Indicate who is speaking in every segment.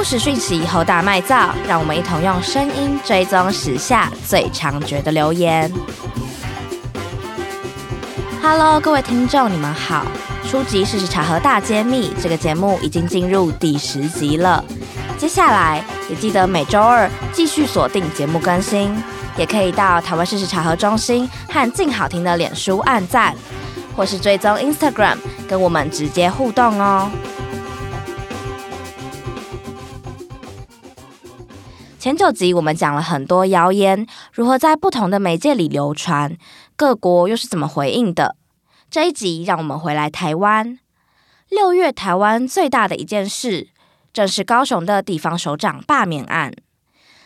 Speaker 1: 不實訊息侯大賣造，讓我們一同用聲音追蹤時下最猖獗的流言。Hello，各位聽眾，你們好。出擊！事實查核大揭密這個節目已經進入第十集了，接下來也記得每周二繼續鎖定節目更新，也可以到台灣事實查核中心和勁好聽的臉書按讚，或是追蹤 Instagram 跟我們直接互動哦。前九集我們講了很多謠言如何在不同的媒介裡流傳，各國又是怎麼回應的。這一集讓我們回來台灣。六月台灣最大的一件事，正是高雄的地方首長罷免案。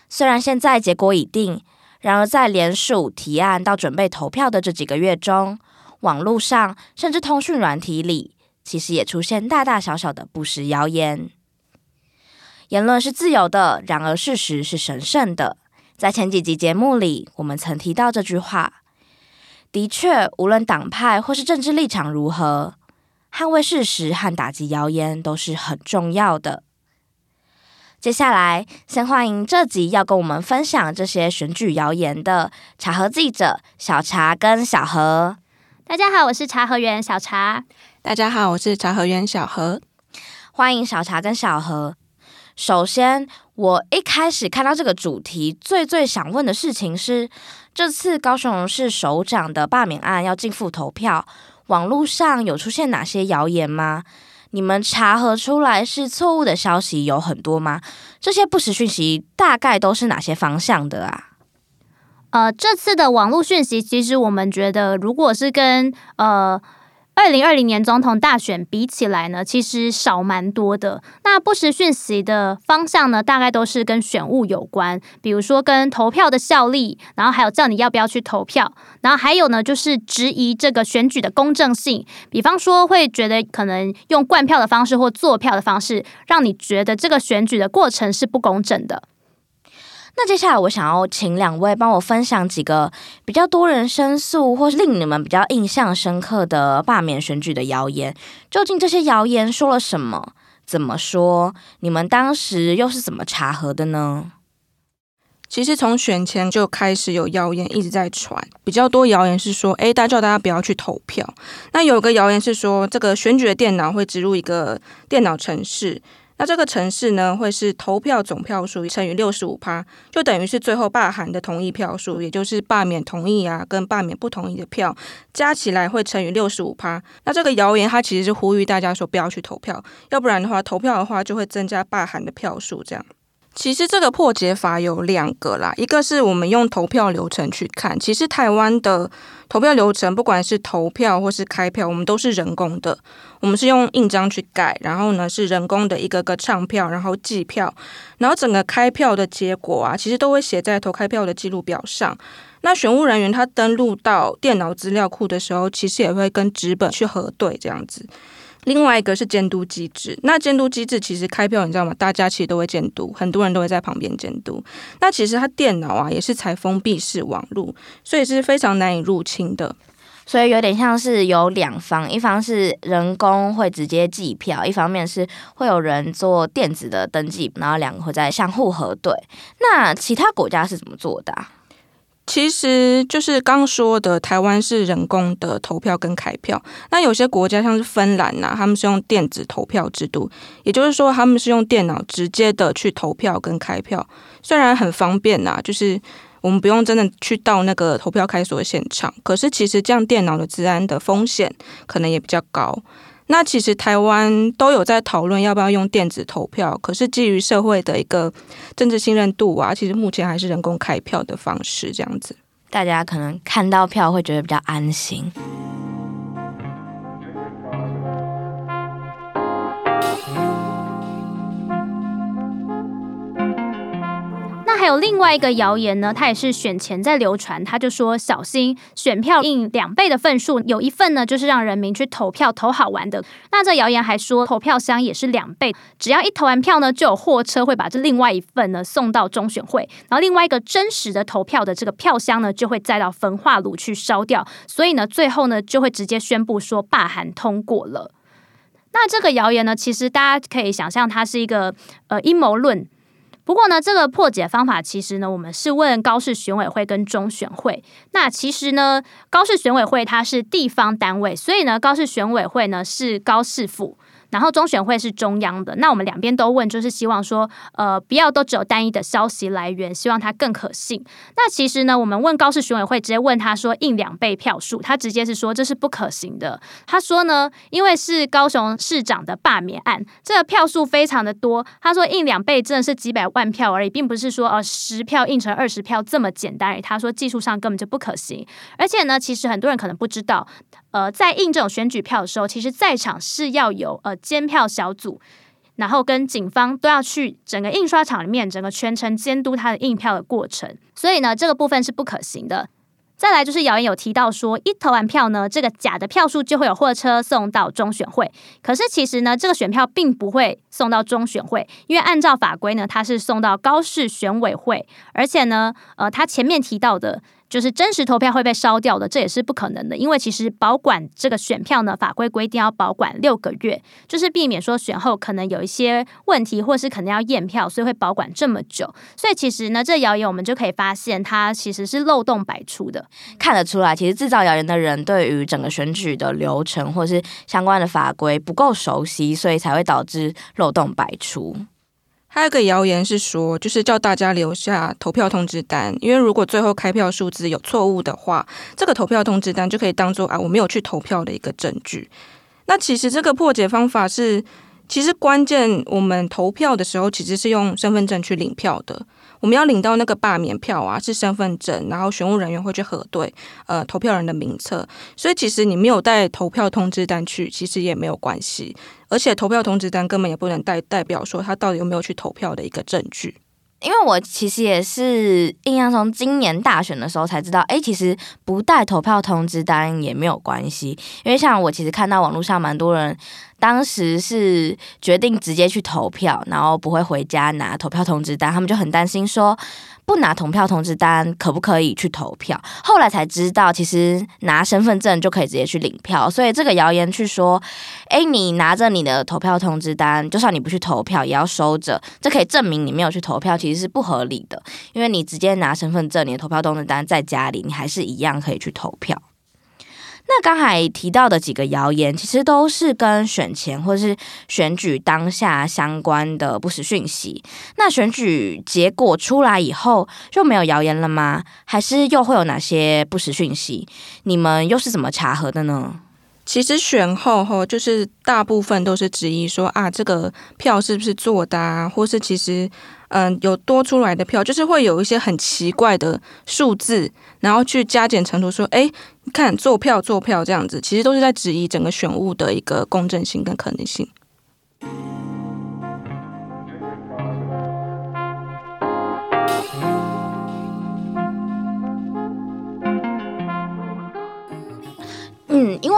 Speaker 1: 雖然現在結果已定，然而在聯署提案到準備投票的這幾個月中，網絡上甚至通訊軟體裡，其實也出現大大小小的不實謠言。言論是自由的，然而事實是神聖的。在前幾集節目裡，我們曾提到這句話。的確，無論黨派或是政治立場如何，捍衛事實和打擊謠言都是很重要的。接下來，先歡迎這集要跟我們分享這些選舉謠言的查核記者，小查跟小何。
Speaker 2: 大家好，我是查核員，小查。
Speaker 1: 大家好，我是查核員，小何。歡迎小查跟小何。首先，我一開始看到這個主題，最最想問的事情是：這次高雄市首長的罷免案要進府投票，網絡上有出現哪些謠言嗎？你們查核出來是錯誤的消息有很多嗎？這些不實訊息大概都是哪些方向的啊？
Speaker 2: 呃，這次的網絡訊息，其實我們覺得，如果是跟呃。二零二零年總統大選比起來呢，其實少蠻多的。那不實訊息的方向呢，大概都是跟選務有關，比如說跟投票的效力，然後還有叫你要不要去投票，然後還有呢就是質疑這個選舉的公正性，比方說會覺得可能用灌票的方式或做票的方式，讓你覺得這個選舉的過程是不公正的。那
Speaker 1: 接下來我想要請兩位幫我分享幾個比較多人申訴或是令你們比較印象深刻的罷免選舉的謠言。究竟這些謠言說了什麼？怎麼說？你們當時
Speaker 3: 又是怎麼查核的呢？其實從選前就開始有謠言一直在傳，比較多謠言是說，哎、欸，大家叫大家不要去投票。那有個謠言是說，這個選舉的電腦會植入一個電腦程式。那這個城市呢，會是投票總票數乘以六十五趴，就等於是最後罷韓的同意票數，也就是罷免同意啊，跟罷免不同意的票加起來會乘以六十五趴。那這個謠言它其實是呼籲大家說不要去投票，要不然的話投票的話就會增加罷韓的票數這樣。其實這個破解法有兩個啦，一個是我們用投票流程去看。其實台灣的投票流程，不管是投票或是開票，我們都是人工的。我們是用印章去蓋，然後呢是人工的一個個唱票，然後計票，然後整個開票的結果啊，其實都會寫在投開票的記錄表上。那選務人員他登錄到電腦資料庫的時候，其實也會跟紙本去核對，這樣子。另外一個是監督機制，那監督機制其實開票你知道嗎？大家其實都會監督，很多人都會在旁邊監督。那其實它電腦啊也是採封閉式網絡，所以是非常難以入侵的。所以有點像是有兩方，一方
Speaker 1: 是人工會直接計票，一方面是會有人做電子的登記，
Speaker 3: 然後兩個會再相互核對。那其他國家是怎麼做的啊？其實就是剛說的，台灣是人工的投票跟開票。那有些國家像是芬蘭吶，啊，他們是用電子投票制度，也就是說他們是用電腦直接的去投票跟開票。雖然很方便啊，就是我們不用真的去到那個投票開鎖的現場，可是其實這樣電腦的治安的風險可能也比較高。那其實台灣都有在討論要不要用電子投票，可是基於社會的一個政治信任度啊，其實目前還是人工開票的方式這樣子。大家可能看到票會覺得比較安心。
Speaker 2: 還有另外一個謠言呢，他也是選前在流傳。他就說，小心選票印兩倍的份數，有一份呢就是讓人民去投票投好玩的。那這謠言還說，投票箱也是兩倍，只要一投完票呢，就有貨車會把這另外一份呢送到中選會，然後另外一個真實的投票的這個票箱呢就會載到焚化爐去燒掉。所以呢，最後呢就會直接宣布說罷韓通過了。那這個謠言呢，其實大家可以想象，它是一個呃陰謀論。不過呢，這個破解方法其實呢，我們是問高市選委會跟中選會。那其實呢，高市選委會它是地方單位，所以呢，高市選委會呢，是高市府。然後中選會是中央的，那我們兩邊都問，就是希望說，呃，不要都只有單一的消息來源，希望它更可信。那其實呢，我們問高市選委會，直接問他說印兩倍票數，他直接是說這是不可行的。他說呢，因為是高雄市長的罷免案，這個票數非常的多。他說印兩倍真的是幾百萬票而已，並不是說呃十票印成二十票這麼簡單而已。他說技術上根本就不可行，而且呢，其實很多人可能不知道，呃，在印這種選舉票的時候，其實，在場是要有呃。監票小組，然後跟警方都要去整個印刷廠裡面，整個全程監督他的印票的過程。所以呢，這個部分是不可行的。再來就是謠言有提到說，一投完票呢，這個假的票數就會有貨車送到中選會。可是其實呢，這個選票並不會送到中選會，因為按照法規呢，它是送到高市選委會。而且呢，呃，他前面提到的。就是真實投票會被燒掉的，這也是不可能的，因為其實保管這個選票呢，法規規定要保管六個月，就是避免說，選後可能有一些問題，或是可能要驗票，所以會保管這麼久。所以其實呢，這個謠言我們就可以發現，它其實是漏洞百出的。
Speaker 1: 看得出來，其實製造謠言的人對於整個選舉的流程或是相關的法規不夠熟悉，所以才會導致漏洞百出。
Speaker 3: 還有一個謠言是說，就是叫大家留下投票通知單，因為如果最後開票數字有錯誤的話，這個投票通知單就可以當做啊我沒有去投票的一個證據。那其實這個破解方法是。其實關鍵，我們投票的時候其實是用身份證去領票的。我們要領到那個罷免票啊，是身份證，然後選務人員會去核對呃投票人的名冊。所以其實你沒有帶投票通知單去，其實也沒有關係。而且投票通知單根本也不能代代表說他到底有沒有去投票的一個證據。因為我其實也是印象
Speaker 1: 中今年大選的時候才知道，哎，其實不帶投票通知單也沒有關係。因為像我其實看到網絡上蠻多人。當時是決定直接去投票，然後不會回家拿投票通知單。他們就很擔心，說不拿投票通知單可不可以去投票？後來才知道，其實拿身份證就可以直接去領票。所以這個謠言去說，誒，你拿着你的投票通知單，就算你不去投票，也要收着，這可以證明你沒有去投票，其實是不合理的。因為你直接拿身份證，你的投票通知單在家裡，你還是一樣可以去投票。那剛才提到的幾個謠言，其實都是跟選前或者是選舉當下相關的不實訊息。那選舉結果出來以後，就沒有謠言了嗎？還是又會有哪些不實訊息？
Speaker 3: 你們又是怎麼查核的呢？其實選後吼，就是大部分都是質疑說啊，這個票是不是做的，啊，或是其實嗯、呃、有多出來的票，就是會有一些很奇怪的數字，然後去加減乘除說，哎，你看做票做票這樣子，其實都是在質疑整個選務的一個公正性跟可能性。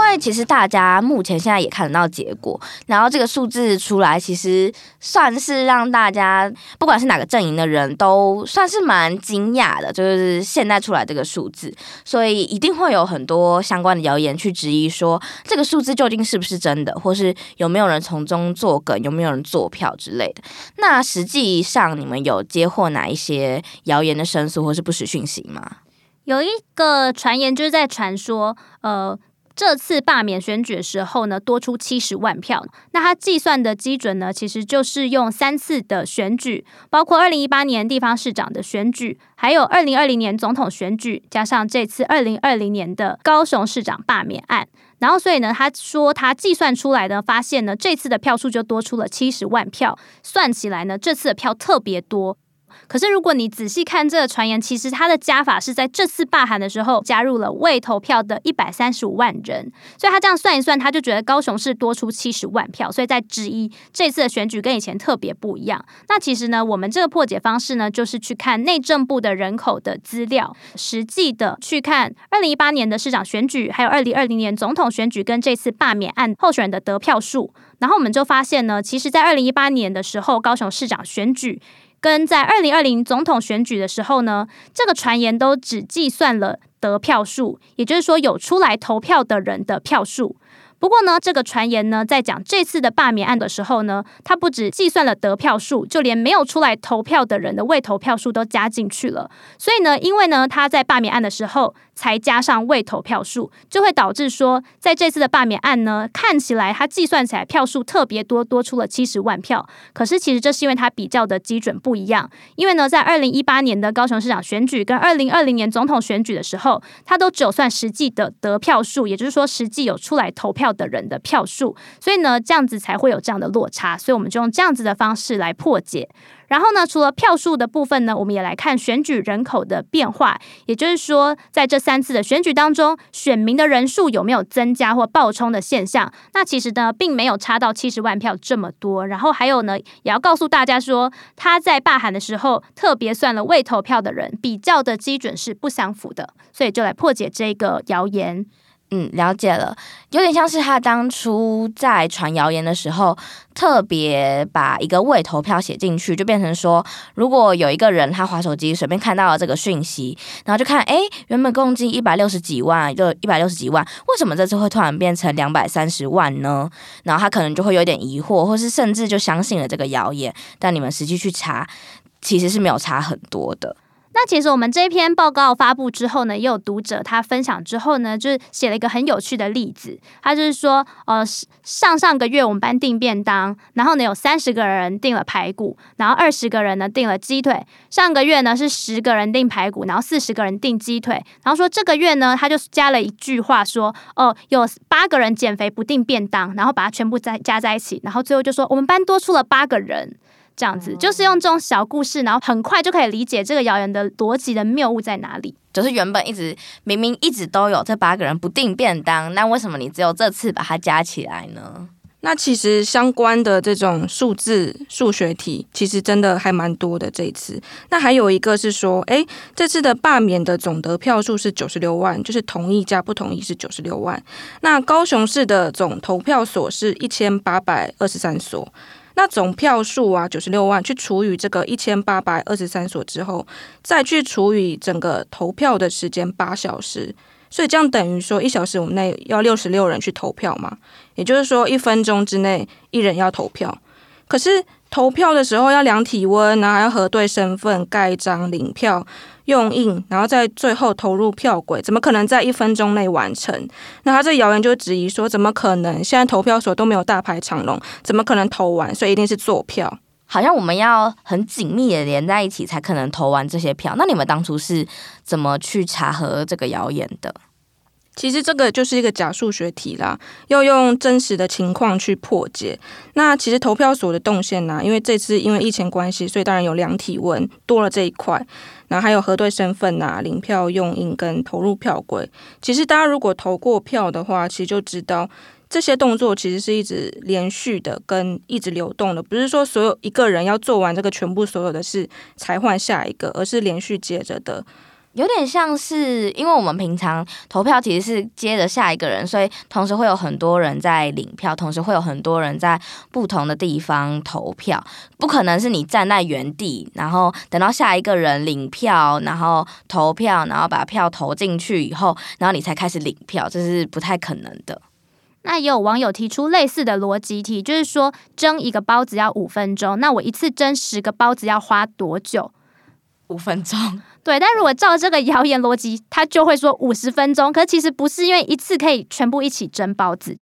Speaker 1: 因為其實大家目前現在也看得到結果，然後這個數字出來，其實算是讓大家不管是哪個陣營的人都算是蠻驚訝的，就是現在出來這個數字，所以一定會有很多相關的謠言去質疑說，這個數字究竟是不是真的，或是有沒有人從中作梗，有沒有人作票之類的。那實際上你們有接獲哪一些謠言的申訴或是不實訊息嗎？
Speaker 2: 有一個傳言就是在傳說，呃。這次罷免選舉的時候呢，多出七十萬票。那他計算的基準呢，其實就是用三次的選舉，包括二零一八年地方市長的選舉，還有二零二零年總統選舉，加上這次二零二零年的高雄市長罷免案。然後所以呢，他說他計算出來呢，發現呢，這次的票數就多出了七十萬票。算起來呢，這次的票特別多。可是，如果你仔細看這個傳言，其實他的加法是在這次罷韓的時候加入了未投票的一百三十五萬人，所以他這樣算一算，他就覺得高雄市多出七十萬票。所以在質疑這次的選舉跟以前特別不一樣。那其實呢，我們這個破解方式呢，就是去看內政部的人口的資料，實際的去看二零一八年的市長選舉，還有二零二零年總統選舉跟這次罷免案候選人的得票數，然後我們就發現呢，其實在二零一八年的時候，高雄市長選舉。跟在二零二零總統選舉的時候呢，這個傳言都只計算了得票數，也就是說有出來投票的人的票數。不過呢，這個傳言呢，在講這次的罷免案的時候呢，他不只計算了得票數，就連沒有出來投票的人的未投票數都加進去了。所以呢，因為呢，他在罷免案的時候才加上未投票數，就會導致說，在這次的罷免案呢，看起來他計算起來票數特別多，多出了七十萬票。可是其實這是因為他比較的基準不一樣，因為呢，在二零一八年的高雄市長選舉跟二零二零年總統選舉的時候，他都只有算實際的得票數，也就是說實際有出來投票。票的人的票數，所以呢，這樣子才會有這樣的落差，所以我們就用這樣子的方式來破解。然後呢，除了票數的部分呢，我們也來看選舉人口的變化，也就是說，在這三次的選舉當中，選民的人數有沒有增加或暴衝的現象？那其實呢，並沒有差到七十萬票這麼多。然後還有呢，也要告訴大家說，他在罷韓的時候特別算了未投票的人，比較的基準是不相符的，所以就來破解這個謠言。嗯，了解了，有點像是他當初
Speaker 1: 在傳謠言的時候，特別把一個未投票寫進去，就變成說，如果有一個人他滑手機隨便看到了這個訊息，然後就看，哎，原本共計一百六十幾萬，就一百六十幾萬，為什麼這次會突然變成兩百三十萬呢？然後他可能就會有點疑惑，或是甚至就相信了這個謠言。但你們實際去查，其實是沒有差很多的。
Speaker 2: 那其實我們這篇報告發布之後呢，也有讀者他分享之後呢，就是寫了一個很有趣的例子。他就是說，呃，上上個月我們班訂便當，然後呢有三十個人訂了排骨，然後二十個人呢訂了雞腿。上個月呢是十個人訂排骨，然後四十個人訂雞腿。然後說這個月呢，他就加了一句話說，哦，呃，有八個人減肥不訂便當，然後把它全部再加在一起，然後最後就說我們班多出了八個人。這樣子就是用這種小故事，然後很快就可以理解這個謠言的邏輯的謬誤在哪裡。就是原本一直
Speaker 1: 明明一直都有這八個人不訂便當，那為什麼你只有這次把它加起來呢？
Speaker 3: 那其實相關的這種數字數學題，其實真的還蠻多的。這一次，那還有一個是說，哎、欸，這次的罷免的總得票數是九十六萬，就是同意加不同意是九十六萬。那高雄市的總投票所是一千八百二十三所。那總票數啊，九十六萬去除以這個一千八百二十三所之後，再去除以整個投票的時間八小時，所以這樣等於說一小時我們內要六十六人去投票嘛，也就是說一分鐘之內一人要投票，可是。投票的時候要量體溫，然後還要核對身份、蓋章、領票用印，然後在最後投入票匭，怎麼可能在一分鐘內完成？那他這謠言就質疑說，怎麼可能？現在投票所都沒有大排長龍，怎麼可能投完？所以一定是做票。好像我們要很
Speaker 1: 緊密的連在一起才可能投完這些票。那你們當初是怎麼去查核這
Speaker 3: 個謠言的？其實這個就是一個假數學題啦，要用真實的情況去破解。那其實投票所的動線呢，啊？因為這次因為疫情關係，所以當然有量體溫多了這一塊，然後還有核對身份吶、啊、領票用印跟投入票櫃。其實大家如果投過票的話，其實就知道這些動作其實是一直連續的跟一直流動的，不是說所有一個人要做完這個全部所有的事才換下一個，而是連續接着的。
Speaker 1: 有點像是，因為我們平常投票其實是接着下一個人，所以同時會有很多人在領票，同時會有很多人在不同的地方投票，不可能是你站在原地，然後等到下一個人領票，然後投票，然後把票投進去以後，然後你才開始領票，這是不太可能的。
Speaker 2: 那也有網友提出類似的邏輯題，就是說蒸一個包子要五分鐘，那我一次蒸十個包子要花多久？五分鐘。對，但如果照這個謠言邏輯，他就會說五十分鐘。可是其實不是，因為一次可以全部一起蒸包子。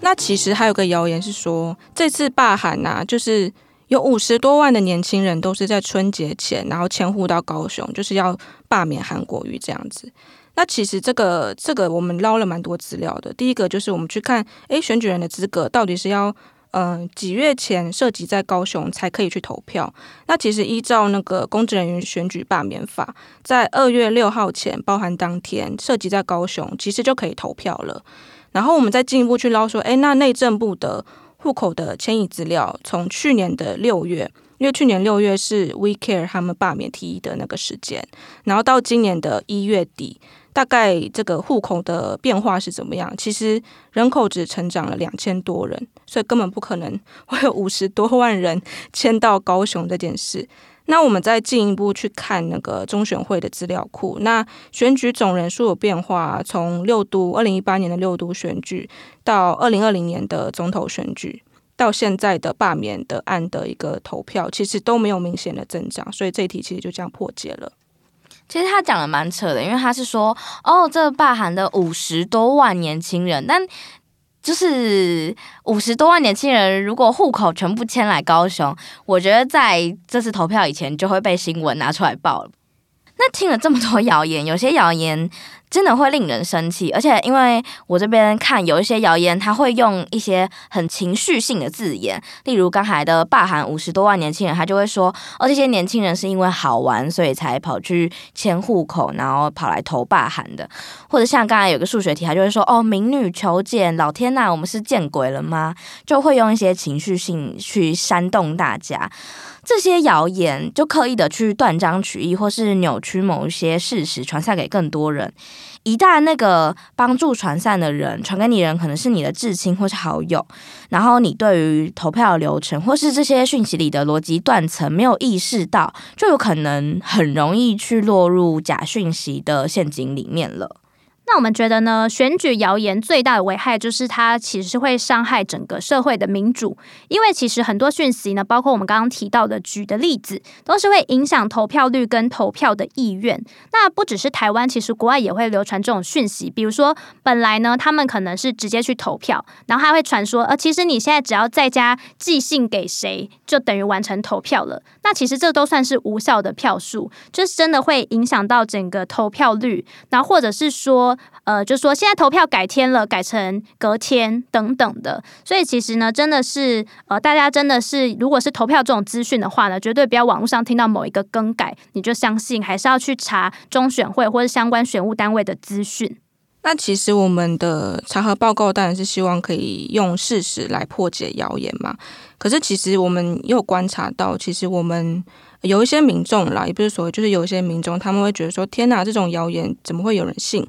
Speaker 3: 那其實還有個謠言是說，這次罷韓吶、啊，就是有五十多萬的年輕人都是在春節前，然後遷戶到高雄，就是要罷免韓國瑜這樣子。那其實這個這個我們撈了蠻多資料的。第一個就是我們去看，哎，選舉人的資格到底是要，嗯、呃，幾月前設籍在高雄才可以去投票。那其實依照那個公職人員選舉罷免法，在二月六號前，包含當天設籍在高雄，其實就可以投票了。然後我們再進一步去撈說，哎，那內政部的戶口的遷移資料，從去年的六月，因為去年六月是 We Care 他們罷免提議的那個時間，然後到今年的一月底。大概這個戶口的變化是怎麼樣？其實人口只成長了兩千多人，所以根本不可能會有五十多萬人遷到高雄這件事。那我們再進一步去看那個中選會的資料庫，那選舉總人數有變化，從六都二零一八年的六都選舉到二零二零年的總統選舉，到現在的罷免的案的一個投票，其實都沒有明顯的增長，所以這一題其實就這樣破解了。其實他講的蠻扯的，因為
Speaker 1: 他是說，哦，這罷韓的五十多萬年輕人，但就是五十多萬年輕人，如果戶口全部遷來高雄，我覺得在這次投票以前就會被新聞拿出來報了。那聽了這麼多謠言，有些謠言。真的會令人生氣，而且因為我這邊看有一些謠言，他會用一些很情緒性的字眼，例如剛才的罷韓五十多萬年輕人，他就會說，哦，這些年輕人是因為好玩，所以才跑去遷戶口，然後跑來投罷韓的，或者像剛才有個數學題，他就會說哦，民女求見，老天吶，我們是見鬼了嗎？就會用一些情緒性去煽動大家，這些謠言就刻意的去斷章取義，或是扭曲某一些事實，傳散給更多人。一旦那個幫助傳散的人，傳給你人，可能是你的至親或是好友，然後你對於投票流程或是這些訊息裡的邏輯斷層沒有意識到，就有可能很容易去落入假訊息的陷阱裡面了。
Speaker 2: 那我們覺得呢，選舉謠言最大的危害就是它其實是會傷害整個社會的民主，因為其實很多訊息呢，包括我們剛剛提到的舉的例子，都是會影響投票率跟投票的意願。那不只是台灣，其實國外也會流傳這種訊息，比如說本來呢，他們可能是直接去投票，然後還會傳說，呃，其實你現在只要在家寄信給誰，就等於完成投票了。那其實這都算是無效的票數，就是真的會影響到整個投票率，然後或者是說，呃，就說現在投票改天了，改成隔天等等的，所以其實呢，真的是呃，大家真的是，如果是投票這種資訊的話呢，絕對不要網絡上聽到某一個更改你就相信，還是要去查中選會或者相關
Speaker 3: 選務單位的資訊。那其實我們的查核報告當然是希望可以用事實來破解謠言嘛。可是其實我們又觀察到，其實我們有一些民眾啦，也不是所謂，就是有一些民眾，他們會覺得說，天哪，這種謠言怎麼會有人信？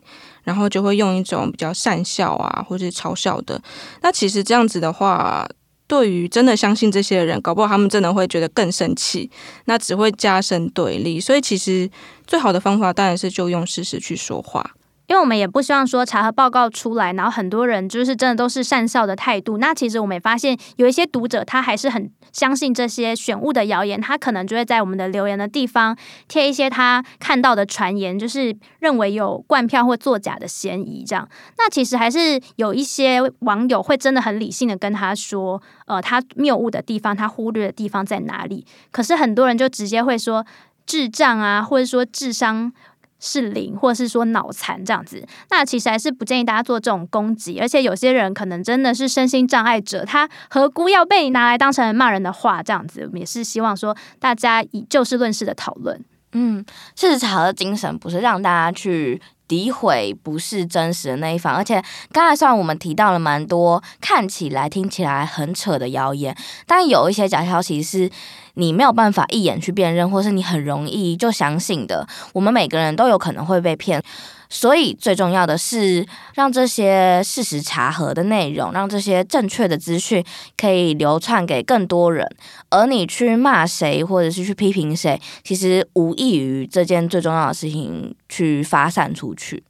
Speaker 3: 然後就會用一種比較訕笑啊，或是嘲笑的。那其實這樣子的話，對於真的相信這些人，搞不好他們真的會覺得更生氣，那只會加深對立。所以其實最好的方法，當然是就用事實去說話。
Speaker 2: 因為我們也不希望說查核報告出來，然後很多人就是真的都是訕笑的態度。那其實我們也發現，有一些讀者他還是很相信這些選務的謠言，他可能就會在我們的留言的地方貼一些他看到的傳言，就是認為有灌票或作假的嫌疑這樣。那其實還是有一些網友會真的很理性的跟他說，呃，他謬誤的地方，他忽略的地方在哪裡？可是很多人就直接會說智障啊，或者說智商是零，或者是說腦殘這樣子，那其實還是不建議大家做這種攻擊。而且有些人可能真的是身心障礙者，他何辜要被你拿來當成罵人的話這樣子？我們也是希望說大家以就事論事的討論。嗯，
Speaker 1: 事實查核的精神不是讓大家去詆毀不是真實的那一方。而且剛才上我們提到了蠻多看起來聽起來很扯的謠言，但有一些假消息是。你沒有辦法一眼去辨認，或是你很容易就相信的，我們每個人都有可能會被騙。所以最重要的是讓這些事實查核的內容，讓這些正確的資訊可以流傳給更多人。而你去罵誰，或者是去批評誰，其實無異於這件最重要的事情去發散出去。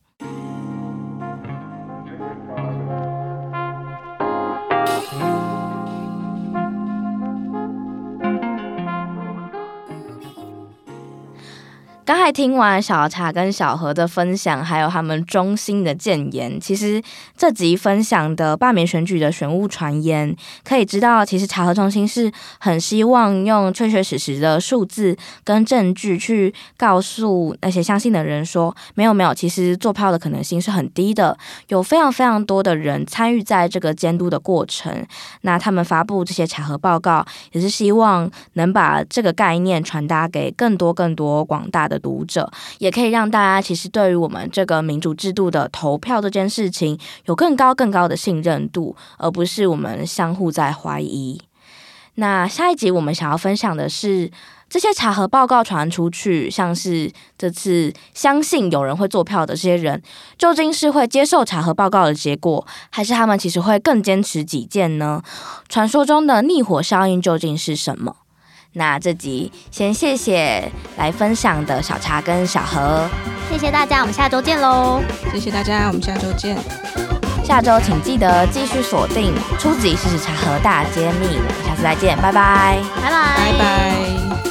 Speaker 1: 剛才聽完小茶跟小何的分享，還有他們中心的建言，其實這集分享的罷免選舉的選務傳言，可以知道，其實查核中心是很希望用確確實實的數字跟證據去告訴那些相信的人說，沒有沒有，其實作票的可能性是很低的。有非常非常多的人參與在這個監督的過程，那他們發布這些查核報告，也是希望能把這個概念傳達給更多更多廣大的讀者，也可以讓大家其實對於我們這個民主制度的投票這件事情有更高更高的信任度，而不是我們相互在懷疑。那下一集我們想要分享的是，這些查核報告傳出去，像是這次相信有人會作票的這些人，究竟是會接受查核報告的結果，還是他們其實會更堅持己見呢？傳說中的逆火效應究竟是什麼？那這集先謝謝來分享的小茶跟小何，
Speaker 3: 謝謝大家，我們下周見嘍！謝謝大家，我們下周見。
Speaker 1: 下周請記得繼續鎖定出擊！事實查核大揭密，我們下次再見，拜拜，
Speaker 3: 拜拜，拜拜。拜拜。